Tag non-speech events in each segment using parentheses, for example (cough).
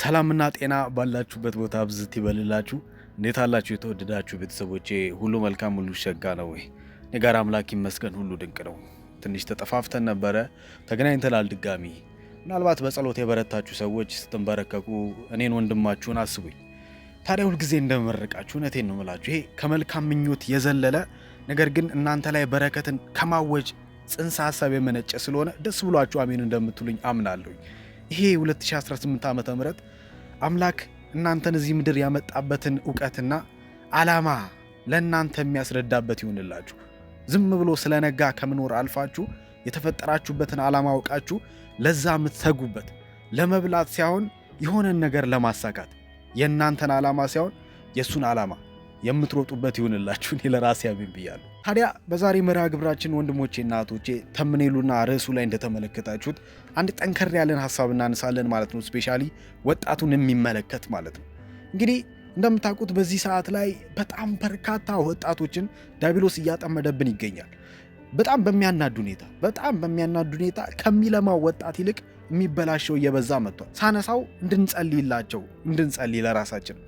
ሰላምና ጤና ባላችሁበት ቦታ ብዝት ይበልላችሁ። እንዴት አላችሁ የተወደዳችሁ ቤተሰቦቼ? ሁሉ መልካም ሁሉ ሸጋ ነው ወይ? እኔ ጋር አምላክ ይመስገን ሁሉ ድንቅ ነው። ትንሽ ተጠፋፍተን ነበረ፣ ተገናኝተናል ድጋሚ። ምናልባት በጸሎት የበረታችሁ ሰዎች ስትንበረከቁ እኔን ወንድማችሁን አስቡኝ። ታዲያ ሁልጊዜ እንደመረቃችሁ እውነቴን ነው ምላችሁ፣ ይሄ ከመልካም ምኞት የዘለለ ነገር ግን እናንተ ላይ በረከትን ከማወጅ ጽንሰ ሀሳብ የመነጨ ስለሆነ ደስ ብሏችሁ አሜን እንደምትሉኝ አምናለሁኝ። ይሄ 2018 ዓ ም አምላክ እናንተን እዚህ ምድር ያመጣበትን እውቀትና ዓላማ ለእናንተ የሚያስረዳበት ይሆንላችሁ። ዝም ብሎ ስለነጋ ከምኖር አልፋችሁ የተፈጠራችሁበትን ዓላማ አውቃችሁ ለዛ የምትተጉበት ለመብላት ሳይሆን የሆነን ነገር ለማሳካት የእናንተን ዓላማ ሳይሆን የእሱን ዓላማ የምትሮጡበት ይሁንላችሁ። እኔ ለራሴ አሜን ብያለሁ። ታዲያ በዛሬ መርሃ ግብራችን ወንድሞቼና እህቶቼ ተምኔሉና ርዕሱ ላይ እንደተመለከታችሁት አንድ ጠንከር ያለን ሀሳብ እናነሳለን ማለት ነው። ስፔሻሊ ወጣቱን የሚመለከት ማለት ነው። እንግዲህ እንደምታውቁት በዚህ ሰዓት ላይ በጣም በርካታ ወጣቶችን ዲያብሎስ እያጠመደብን ይገኛል። በጣም በሚያናድ ሁኔታ በጣም በሚያናድ ሁኔታ ከሚለማው ወጣት ይልቅ የሚበላሸው እየበዛ መጥቷል። ሳነሳው እንድንጸልይላቸው እንድንጸልይ ለራሳችን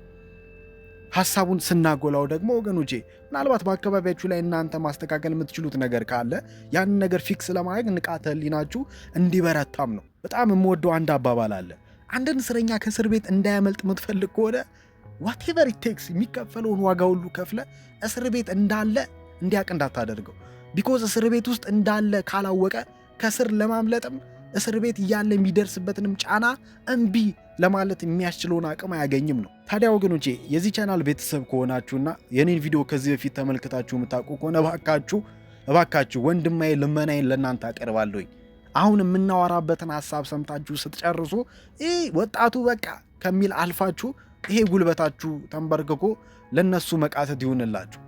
ሀሳቡን ስናጎላው ደግሞ ወገኖቼ ምናልባት በአካባቢያችሁ ላይ እናንተ ማስተካከል የምትችሉት ነገር ካለ ያንን ነገር ፊክስ ለማድረግ ንቃተ ህሊናችሁ እንዲበረታም ነው። በጣም የምወደው አንድ አባባል አለ። አንድን እስረኛ ከእስር ቤት እንዳያመልጥ የምትፈልግ ከሆነ ዋቴቨር ቴክስ የሚከፈለውን ዋጋ ሁሉ ከፍለ እስር ቤት እንዳለ እንዲያቅ እንዳታደርገው። ቢኮዝ እስር ቤት ውስጥ እንዳለ ካላወቀ ከስር ለማምለጥም እስር ቤት እያለ የሚደርስበትንም ጫና እምቢ ለማለት የሚያስችለውን አቅም አያገኝም ነው። ታዲያ ወገኖቼ የዚህ ቻናል ቤተሰብ ከሆናችሁና የኔን ቪዲዮ ከዚህ በፊት ተመልክታችሁ የምታውቁ ከሆነ እባካችሁ እባካችሁ ወንድማዬ ልመናዬን ለእናንተ አቀርባለሁኝ። አሁን የምናወራበትን ሀሳብ ሰምታችሁ ስትጨርሱ ወጣቱ በቃ ከሚል አልፋችሁ ይሄ ጉልበታችሁ ተንበርክኮ ለነሱ መቃተት ይሁንላችሁ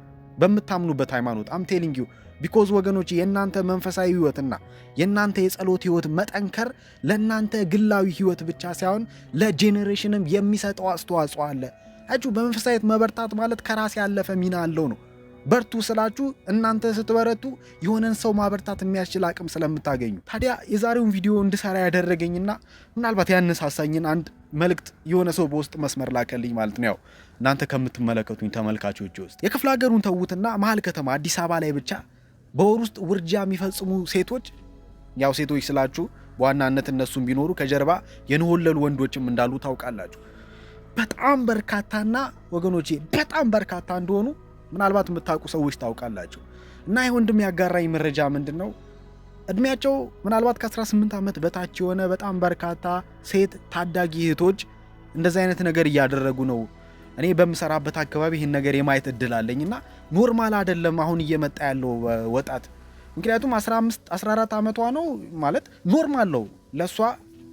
በምታምኑበት ሃይማኖት አምቴሊንጊው ቢኮዝ ወገኖች የእናንተ መንፈሳዊ ህይወትና የእናንተ የጸሎት ህይወት መጠንከር ለእናንተ ግላዊ ህይወት ብቻ ሳይሆን ለጄኔሬሽንም የሚሰጠው አስተዋጽኦ አለ። አጩ በመንፈሳዊት መበርታት ማለት ከራስ ያለፈ ሚና አለው ነው። በርቱ ስላችሁ እናንተ ስትበረቱ የሆነን ሰው ማበርታት የሚያስችል አቅም ስለምታገኙ። ታዲያ የዛሬውን ቪዲዮ እንድሰራ ያደረገኝና ምናልባት ያነሳሳኝን አንድ መልእክት የሆነ ሰው በውስጥ መስመር ላከልኝ ማለት ነው። ያው እናንተ ከምትመለከቱኝ ተመልካቾች ውስጥ የክፍለ ሀገሩን ተዉትና መሀል ከተማ አዲስ አበባ ላይ ብቻ በወር ውስጥ ውርጃ የሚፈጽሙ ሴቶች ያው ሴቶች ስላችሁ በዋናነት እነሱም ቢኖሩ ከጀርባ የንወለሉ ወንዶችም እንዳሉ ታውቃላችሁ። በጣም በርካታና ወገኖቼ በጣም በርካታ እንደሆኑ ምናልባት የምታውቁ ሰዎች ታውቃላችሁ። እና ይህ ወንድም ያጋራኝ መረጃ ምንድን ነው? እድሜያቸው ምናልባት ከ18 ዓመት በታች የሆነ በጣም በርካታ ሴት ታዳጊ እህቶች እንደዚህ አይነት ነገር እያደረጉ ነው እኔ በምሰራበት አካባቢ ይህን ነገር የማየት እድል አለኝ እና ኖርማል አይደለም አሁን እየመጣ ያለው ወጣት። ምክንያቱም 15 14 ዓመቷ ነው ማለት ኖርማል ነው ለእሷ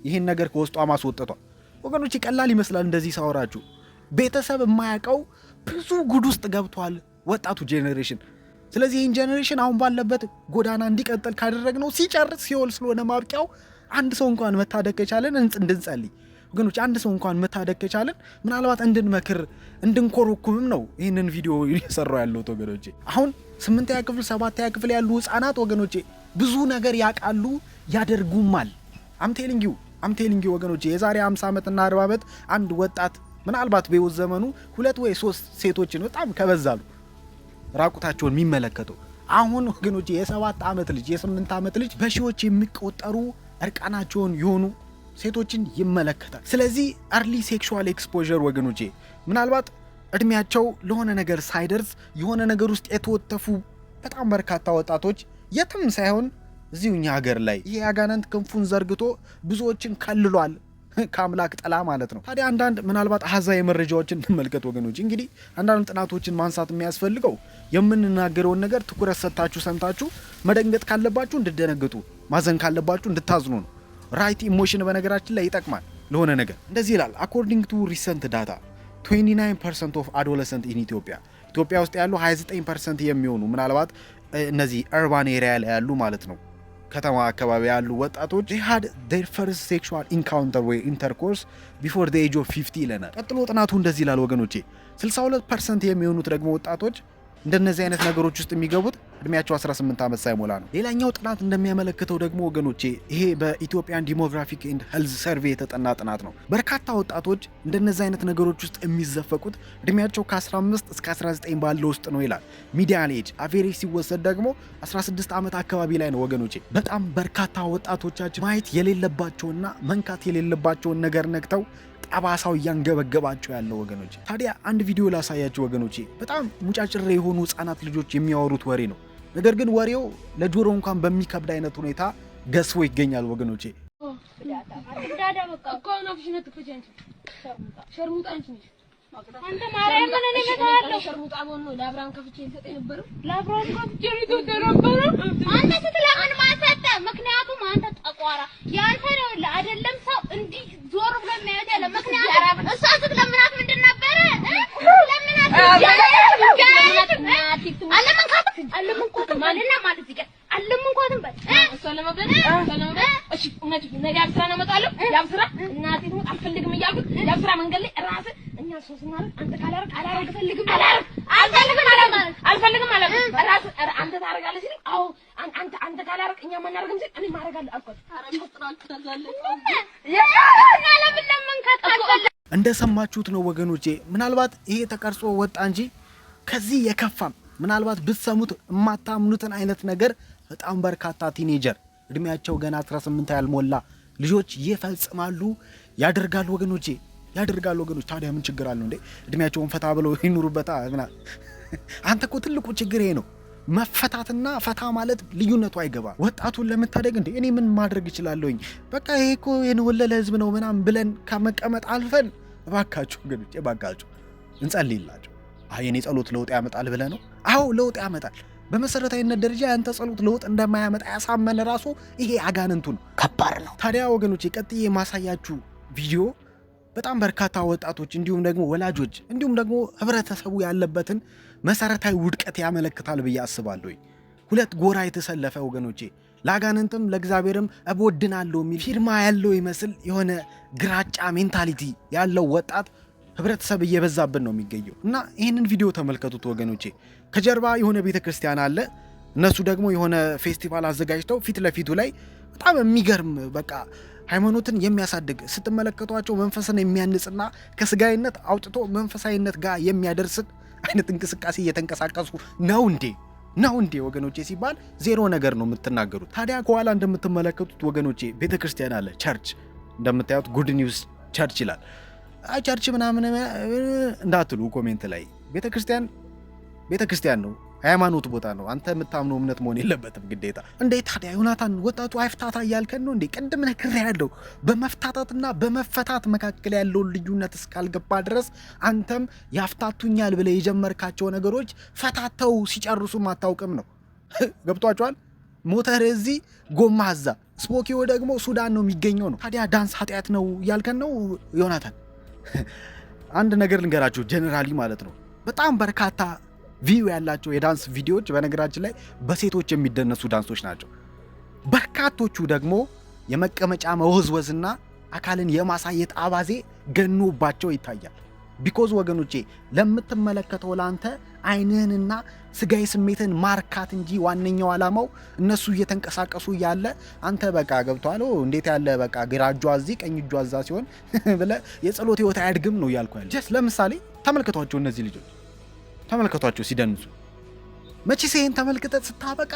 ይህን ነገር ከውስጧ ማስወጠቷ። ወገኖች ቀላል ይመስላል እንደዚህ ሳወራችሁ። ቤተሰብ የማያውቀው ብዙ ጉድ ውስጥ ገብቷል ወጣቱ ጄኔሬሽን። ስለዚህ ይህን ጄኔሬሽን አሁን ባለበት ጎዳና እንዲቀጥል ካደረግነው ሲጨርስ ሲወል ስለሆነ ማብቂያው አንድ ሰው እንኳን መታደግ ከቻለን እንድንጸልይ ወገኖች አንድ ሰው እንኳን መታደግ ከቻለን ምናልባት እንድንመክር እንድንኮረኩምም ነው ይህንን ቪዲዮ (laughs) እየሰራው ያለሁት ወገኖቼ። አሁን ስምንተኛ ክፍል ሰባተኛ ክፍል ያሉ ህጻናት ወገኖቼ ብዙ ነገር ያውቃሉ ያደርጉማል። አምቴሊንጊ አምቴሊንጊ ወገኖቼ የዛሬ 50 ዓመትና 40 ዓመት አንድ ወጣት ምናልባት በህይወት ዘመኑ ሁለት ወይ ሶስት ሴቶችን በጣም ከበዛሉ ራቁታቸውን የሚመለከተው አሁን ወገኖቼ የሰባት ዓመት ልጅ የስምንት ዓመት ልጅ በሺዎች የሚቆጠሩ እርቃናቸውን የሆኑ ሴቶችን ይመለከታል። ስለዚህ አርሊ ሴክሹዋል ኤክስፖዠር ወገኖቼ ምናልባት እድሜያቸው ለሆነ ነገር ሳይደርስ የሆነ ነገር ውስጥ የተወተፉ በጣም በርካታ ወጣቶች የትም ሳይሆን እዚሁ እኛ ሀገር ላይ ይሄ አጋንንት ክንፉን ዘርግቶ ብዙዎችን ከልሏል። (laughs) ከአምላክ ጥላ ማለት ነው። ታዲያ አንዳንድ ምናልባት አሃዛዊ መረጃዎችን እንመልከት ወገኖች። እንግዲህ አንዳንድ ጥናቶችን ማንሳት የሚያስፈልገው የምንናገረውን ነገር ትኩረት ሰጥታችሁ ሰምታችሁ መደንገጥ ካለባችሁ እንድደነግጡ፣ ማዘን ካለባችሁ እንድታዝኑ ነው። ራይት ኢሞሽን በነገራችን ላይ ይጠቅማል ለሆነ ነገር። እንደዚህ ይላል አኮርዲንግ ቱ ሪሰንት ዳታ 29 ፐርሰንት ኦፍ አዶለሰንት ኢን ኢትዮጵያ ኢትዮጵያ ውስጥ ያሉ 29 ፐርሰንት የሚሆኑ ምናልባት እነዚህ እርባን ኤሪያ ላይ ያሉ ማለት ነው ከተማ አካባቢ ያሉ ወጣቶች ሃድ ዴር ፈርስት ሴክሹዋል ኢንካውንተር ወይ ኢንተርኮርስ ቢፎር ደ ኤጅ ኦፍ 50 ይለናል። ቀጥሎ ጥናቱ እንደዚህ ይላል ወገኖቼ 62 ፐርሰንት የሚሆኑት ደግሞ ወጣቶች እንደነዚህ አይነት ነገሮች ውስጥ የሚገቡት እድሜያቸው 18 ዓመት ሳይሞላ ነው። ሌላኛው ጥናት እንደሚያመለክተው ደግሞ ወገኖቼ ይሄ በኢትዮጵያን ዲሞግራፊክ ኤንድ ሄልዝ ሰርቬ የተጠና ጥናት ነው። በርካታ ወጣቶች እንደነዚህ አይነት ነገሮች ውስጥ የሚዘፈቁት እድሜያቸው ከ15 እስከ 19 ባለ ውስጥ ነው ይላል። ሚዲያን ኤጅ አቬሬጅ ሲወሰድ ደግሞ 16 ዓመት አካባቢ ላይ ነው ወገኖቼ። በጣም በርካታ ወጣቶቻችን ማየት የሌለባቸውና መንካት የሌለባቸውን ነገር ነግተው ጠባሳው እያንገበገባቸው ያለው ወገኖች። ታዲያ አንድ ቪዲዮ ላሳያቸው ወገኖቼ። በጣም ሙጫጭሬ የሆኑ ህጻናት ልጆች የሚያወሩት ወሬ ነው። ነገር ግን ወሬው ለጆሮ እንኳን በሚከብድ አይነት ሁኔታ ገስቦ ይገኛል ወገኖቼ። ምክንያቱም አንተ ቋራ ያንተ ነው አይደለም። ሰው እንዲህ ዞር ብሎ የሚያዩት ያለ ምክንያቱም እሷ ለምናት ምንድን ነበረ ለምናት አልፈልግም አንተ አልፈልግም አንተ ታደርጋለህ ሲል እኛ ማናረግም ዘንድ እኔ ማረጋለሁ አልኳት። እንደሰማችሁት ነው ወገኖቼ። ምናልባት ይሄ ተቀርጾ ወጣ እንጂ ከዚህ የከፋም ምናልባት ብትሰሙት የማታምኑትን አይነት ነገር በጣም በርካታ ቲኔጀር እድሜያቸው ገና 18 ያልሞላ ልጆች ይፈጽማሉ፣ ያደርጋሉ ወገኖቼ ያደርጋሉ ወገኖች። ታዲያ ምን ችግር አለው እንዴ? እድሜያቸውን ፈታ ብለው ይኑሩበታ። አንተ እኮ ትልቁ ችግር ይሄ ነው። መፈታትና ፈታ ማለት ልዩነቱ አይገባ። ወጣቱን ለመታደግ እንዴ እኔ ምን ማድረግ እችላለሁኝ? በቃ ይሄ እኮ የንወለለ ህዝብ ነው ምናምን ብለን ከመቀመጥ አልፈን እባካችሁ ወገኖች፣ እባካችሁ እንጸልይላቸው። አይ የኔ ጸሎት ለውጥ ያመጣል ብለህ ነው? አዎ ለውጥ ያመጣል። በመሰረታዊነት ደረጃ ያንተ ጸሎት ለውጥ እንደማያመጣ ያሳመነ ራሱ ይሄ አጋንንቱ ነው። ከባድ ነው። ታዲያ ወገኖች ቀጥዬ የማሳያችሁ ቪዲዮ በጣም በርካታ ወጣቶች እንዲሁም ደግሞ ወላጆች እንዲሁም ደግሞ ህብረተሰቡ ያለበትን መሰረታዊ ውድቀት ያመለክታል ብዬ አስባለሁ። ሁለት ጎራ የተሰለፈ ወገኖቼ ለአጋንንትም ለእግዚአብሔርም እቦድናለሁ የሚል ፊርማ ያለው ይመስል የሆነ ግራጫ ሜንታሊቲ ያለው ወጣት ህብረተሰብ እየበዛብን ነው የሚገኘው። እና ይህንን ቪዲዮ ተመልከቱት ወገኖቼ። ከጀርባ የሆነ ቤተ ክርስቲያን አለ። እነሱ ደግሞ የሆነ ፌስቲቫል አዘጋጅተው ፊት ለፊቱ ላይ በጣም የሚገርም በቃ ሃይማኖትን የሚያሳድግ ስትመለከቷቸው መንፈስን የሚያንጽና ከስጋይነት አውጥቶ መንፈሳዊነት ጋር የሚያደርስን አይነት እንቅስቃሴ እየተንቀሳቀሱ ነው እንዴ ነው እንዴ ወገኖቼ ሲባል ዜሮ ነገር ነው የምትናገሩት። ታዲያ ከኋላ እንደምትመለከቱት ወገኖቼ ቤተ ክርስቲያን አለ፣ ቸርች እንደምታዩት ጉድ ኒውስ ቸርች ይላል። ቸርች ምናምን እንዳትሉ ኮሜንት ላይ ቤተ ክርስቲያን ቤተ ክርስቲያን ነው ሃይማኖት ቦታ ነው። አንተ የምታምነው እምነት መሆን የለበትም ግዴታ። እንዴ ታዲያ ዮናታን ወጣቱ አይፍታታ እያልከን ነው እንዴ? ቅድም ያለው በመፍታታትና በመፈታት መካከል ያለውን ልዩነት እስካልገባ ድረስ አንተም ያፍታቱኛል ብለ የጀመርካቸው ነገሮች ፈታተው ሲጨርሱም አታውቅም ነው። (laughs) ገብቷቸዋል። ሞተር እዚህ ጎማ እዛ። ስፖኪዮ ደግሞ ሱዳን ነው የሚገኘው ነው። ታዲያ ዳንስ ኃጢአት ነው እያልከን ነው ዮናታን? (laughs) አንድ ነገር ልንገራችሁ ጀኔራሊ ማለት ነው በጣም በርካታ ቪዩ ያላቸው የዳንስ ቪዲዮዎች በነገራችን ላይ በሴቶች የሚደነሱ ዳንሶች ናቸው። በርካቶቹ ደግሞ የመቀመጫ መወዝወዝና አካልን የማሳየት አባዜ ገኖባቸው ይታያል። ቢኮዝ ወገኖቼ ለምትመለከተው ለአንተ አይንህንና ስጋዊ ስሜትን ማርካት እንጂ ዋነኛው ዓላማው እነሱ እየተንቀሳቀሱ እያለ አንተ በቃ ገብቷል እንዴት ያለ በቃ ግራ እጇ እዚህ ቀኝ እጇ እዛ ሲሆን (laughs) ብለህ የጸሎት ህይወት አያድግም ነው እያልኩ ያለ ጀስት ለምሳሌ ተመልክቷቸው እነዚህ ልጆች ተመልከቷቸው ሲደንሱ። መቼ ይህን ተመልክተ ስታበቃ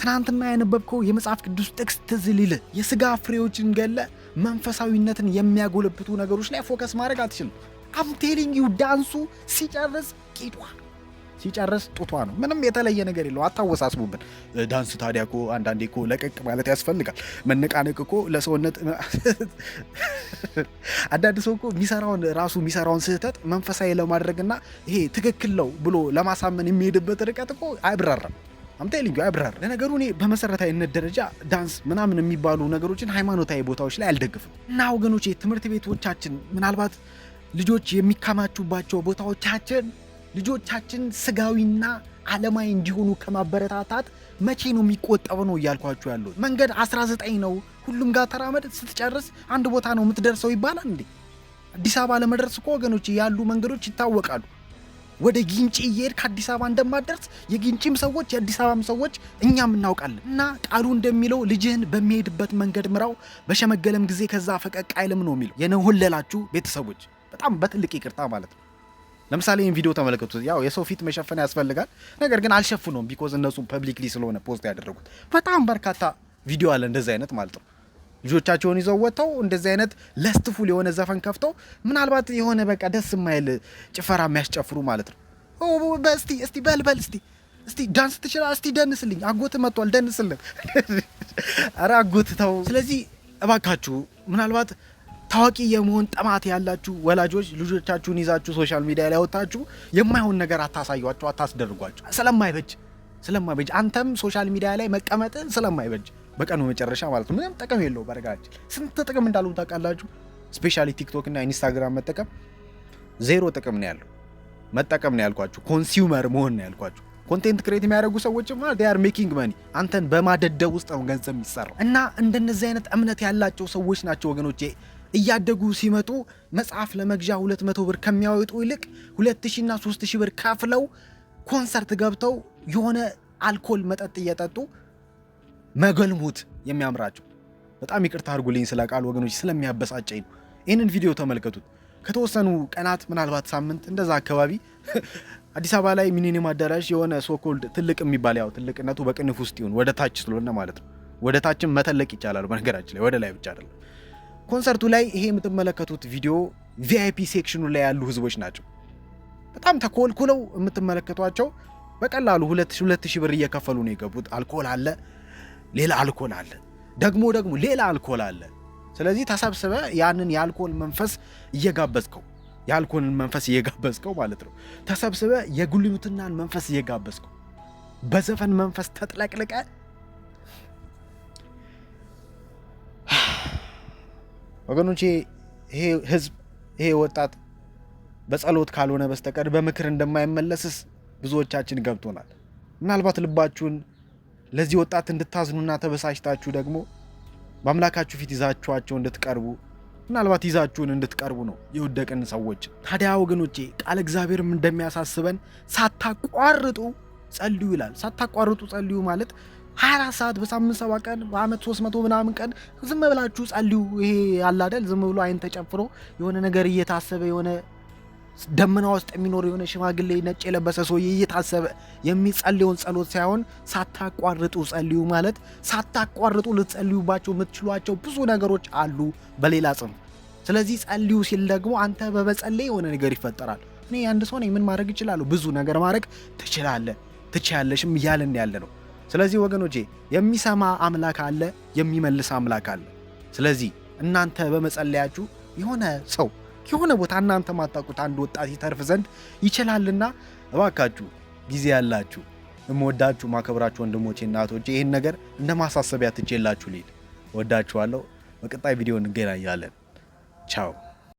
ትናንትና የነበብከው የመጽሐፍ ቅዱስ ጥቅስ ትዝ የስጋ ፍሬዎችን ገለ መንፈሳዊነትን የሚያጎለብቱ ነገሮች ላይ ፎከስ ማድረግ አትችልም። አም ቴሊንግ ዩ ዳንሱ ሲጨርስ ቂጧል ሲጨርስ ጡቷ ነው። ምንም የተለየ ነገር የለው። አታወሳስቡብን። ዳንስ ታዲያ እኮ አንዳንዴ እኮ ለቀቅ ማለት ያስፈልጋል። መነቃነቅ እኮ ለሰውነት (laughs) አንዳንድ ሰው እኮ የሚሰራውን ራሱ የሚሰራውን ስህተት መንፈሳዊ ለማድረግና ይሄ ትክክል ነው ብሎ ለማሳመን የሚሄድበት ርቀት እኮ አይብራራም። አምታይ ልዩ አይብራር። ለነገሩ እኔ በመሰረታዊነት ደረጃ ዳንስ ምናምን የሚባሉ ነገሮችን ሃይማኖታዊ ቦታዎች ላይ አልደግፍም እና ወገኖቼ ትምህርት ቤቶቻችን ምናልባት ልጆች የሚከማቹባቸው ቦታዎቻችን ልጆቻችን ስጋዊና ዓለማዊ እንዲሆኑ ከማበረታታት መቼ ነው የሚቆጠበው? ነው እያልኳችሁ ያሉት መንገድ 19 ነው። ሁሉም ጋር ተራመድ፣ ስትጨርስ አንድ ቦታ ነው የምትደርሰው ይባላል እንዴ? አዲስ አበባ ለመድረስ እኮ ወገኖች ያሉ መንገዶች ይታወቃሉ። ወደ ጊንጪ እየሄድ ከአዲስ አበባ እንደማደርስ የጊንጪም ሰዎች የአዲስ አበባም ሰዎች እኛም እናውቃለን። እና ቃሉ እንደሚለው ልጅህን በሚሄድበት መንገድ ምራው፣ በሸመገለም ጊዜ ከዛ ፈቀቅ አይልም ነው የሚለው። ለላችሁ ቤተሰቦች በጣም በትልቅ ይቅርታ ማለት ነው። ለምሳሌ ይህን ቪዲዮ ተመለከቱት። ያው የሰው ፊት መሸፈን ያስፈልጋል፣ ነገር ግን አልሸፍነውም። ቢኮዝ እነሱ ፐብሊክሊ ስለሆነ ፖስት ያደረጉት በጣም በርካታ ቪዲዮ አለ እንደዚህ አይነት ማለት ነው። ልጆቻቸውን ይዘው ወጥተው እንደዚህ አይነት ለስትፉል የሆነ ዘፈን ከፍተው ምናልባት የሆነ በቃ ደስ የማይል ጭፈራ የሚያስጨፍሩ ማለት ነው። እስቲ እስቲ በልበል እስቲ እስቲ ዳንስ ትችላ እስቲ ደንስልኝ፣ አጎት መጥቷል፣ ደንስልን። ኧረ (laughs) አጎት ተው። ስለዚህ እባካችሁ ምናልባት ታዋቂ የመሆን ጥማት ያላችሁ ወላጆች ልጆቻችሁን ይዛችሁ ሶሻል ሚዲያ ላይ ወጥታችሁ የማይሆን ነገር አታሳዩቸው፣ አታስደርጓቸው። ስለማይበጅ ስለማይበጅ አንተም ሶሻል ሚዲያ ላይ መቀመጥ ስለማይበጅ በቀኑ መጨረሻ ማለት ነው። ምንም ጥቅም የለው። በረጋችን ስንት ጥቅም እንዳለው ታውቃላችሁ? ስፔሻሊ ቲክቶክ እና ኢንስታግራም መጠቀም ዜሮ ጥቅም ነው ያለው። መጠቀም ነው ያልኳችሁ፣ ኮንሱመር መሆን ነው ያልኳችሁ። ኮንቴንት ክሬት የሚያደርጉ ሰዎች ማለት ሜኪንግ መኒ አንተን በማደደብ ውስጥ ነው ገንዘብ የሚሰራው እና እንደነዚህ አይነት እምነት ያላቸው ሰዎች ናቸው ወገኖች እያደጉ ሲመጡ መጽሐፍ ለመግዣ 200 ብር ከሚያወጡ ይልቅ 2000 እና 3000 ብር ከፍለው ኮንሰርት ገብተው የሆነ አልኮል መጠጥ እየጠጡ መገልሞት የሚያምራቸው። በጣም ይቅርታ አድርጉልኝ ስለ ቃል ወገኖች፣ ስለሚያበሳጨኝ ነው። ይህንን ቪዲዮ ተመልከቱት። ከተወሰኑ ቀናት ምናልባት ሳምንት እንደዛ አካባቢ (laughs) አዲስ አበባ ላይ ሚኒኒም አዳራሽ የሆነ ሶኮልድ ትልቅ የሚባል ያው ትልቅነቱ በቅንፍ ውስጥ ይሁን ወደ ታች ስለሆነ ማለት ነው። ወደ ታችም መተለቅ ይቻላል በነገራችን ላይ ወደ ላይ ብቻ አይደለም ኮንሰርቱ ላይ ይሄ የምትመለከቱት ቪዲዮ ቪአይፒ ሴክሽኑ ላይ ያሉ ህዝቦች ናቸው። በጣም ተኮልኩለው የምትመለከቷቸው በቀላሉ ሁለት ሺህ ብር እየከፈሉ ነው የገቡት። አልኮል አለ፣ ሌላ አልኮል አለ፣ ደግሞ ደግሞ ሌላ አልኮል አለ። ስለዚህ ተሰብስበ ያንን የአልኮል መንፈስ እየጋበዝከው የአልኮልን መንፈስ እየጋበዝከው ማለት ነው። ተሰብስበ የጉልምትናን መንፈስ እየጋበዝከው በዘፈን መንፈስ ተጥለቅልቀ ወገኖቼ ይሄ ህዝብ ይሄ ወጣት በጸሎት ካልሆነ በስተቀር በምክር እንደማይመለስስ ብዙዎቻችን ገብቶናል። ምናልባት ልባችሁን ለዚህ ወጣት እንድታዝኑና ተበሳጭታችሁ ደግሞ በአምላካችሁ ፊት ይዛችኋቸው እንድትቀርቡ ምናልባት ይዛችሁን እንድትቀርቡ ነው የወደቅን ሰዎች። ታዲያ ወገኖቼ ቃል እግዚአብሔርም እንደሚያሳስበን ሳታቋርጡ ጸልዩ ይላል። ሳታቋርጡ ጸልዩ ማለት 24 ሰዓት በሳምንት ሰባ ቀን በአመት 300 ምናምን ቀን ዝም ብላችሁ ጸልዩ። ይሄ አለ አይደል? ዝም ብሎ አይን ተጨፍሮ የሆነ ነገር እየታሰበ የሆነ ደመና ውስጥ የሚኖር የሆነ ሽማግሌ ነጭ የለበሰ ሰው እየታሰበ የሚጸልየውን ጸሎት ሳይሆን ሳታቋርጡ ጸልዩ ማለት ሳታቋርጡ ልትጸልዩባቸው የምትችሏቸው ብዙ ነገሮች አሉ በሌላ ጽንፍ። ስለዚህ ጸልዩ ሲል ደግሞ አንተ በመጸለይ የሆነ ነገር ይፈጠራል። እኔ አንድ ሰው ነኝ፣ ምን ማድረግ ይችላሉ? ብዙ ነገር ማድረግ ትችላለህ፣ ትችያለሽም እያለን ያለ ነው። ስለዚህ ወገኖቼ የሚሰማ አምላክ አለ፣ የሚመልስ አምላክ አለ። ስለዚህ እናንተ በመጸለያችሁ የሆነ ሰው የሆነ ቦታ እናንተ ማታውቁት አንድ ወጣት ይተርፍ ዘንድ ይችላልና እባካችሁ ጊዜ ያላችሁ እምወዳችሁ ማከብራችሁ ወንድሞቼ እናቶቼ ይህን ነገር እንደ ማሳሰቢያ ትቼላችሁ ልሂድ። እወዳችኋለሁ። በቀጣይ ቪዲዮ እንገናኛለን። ቻው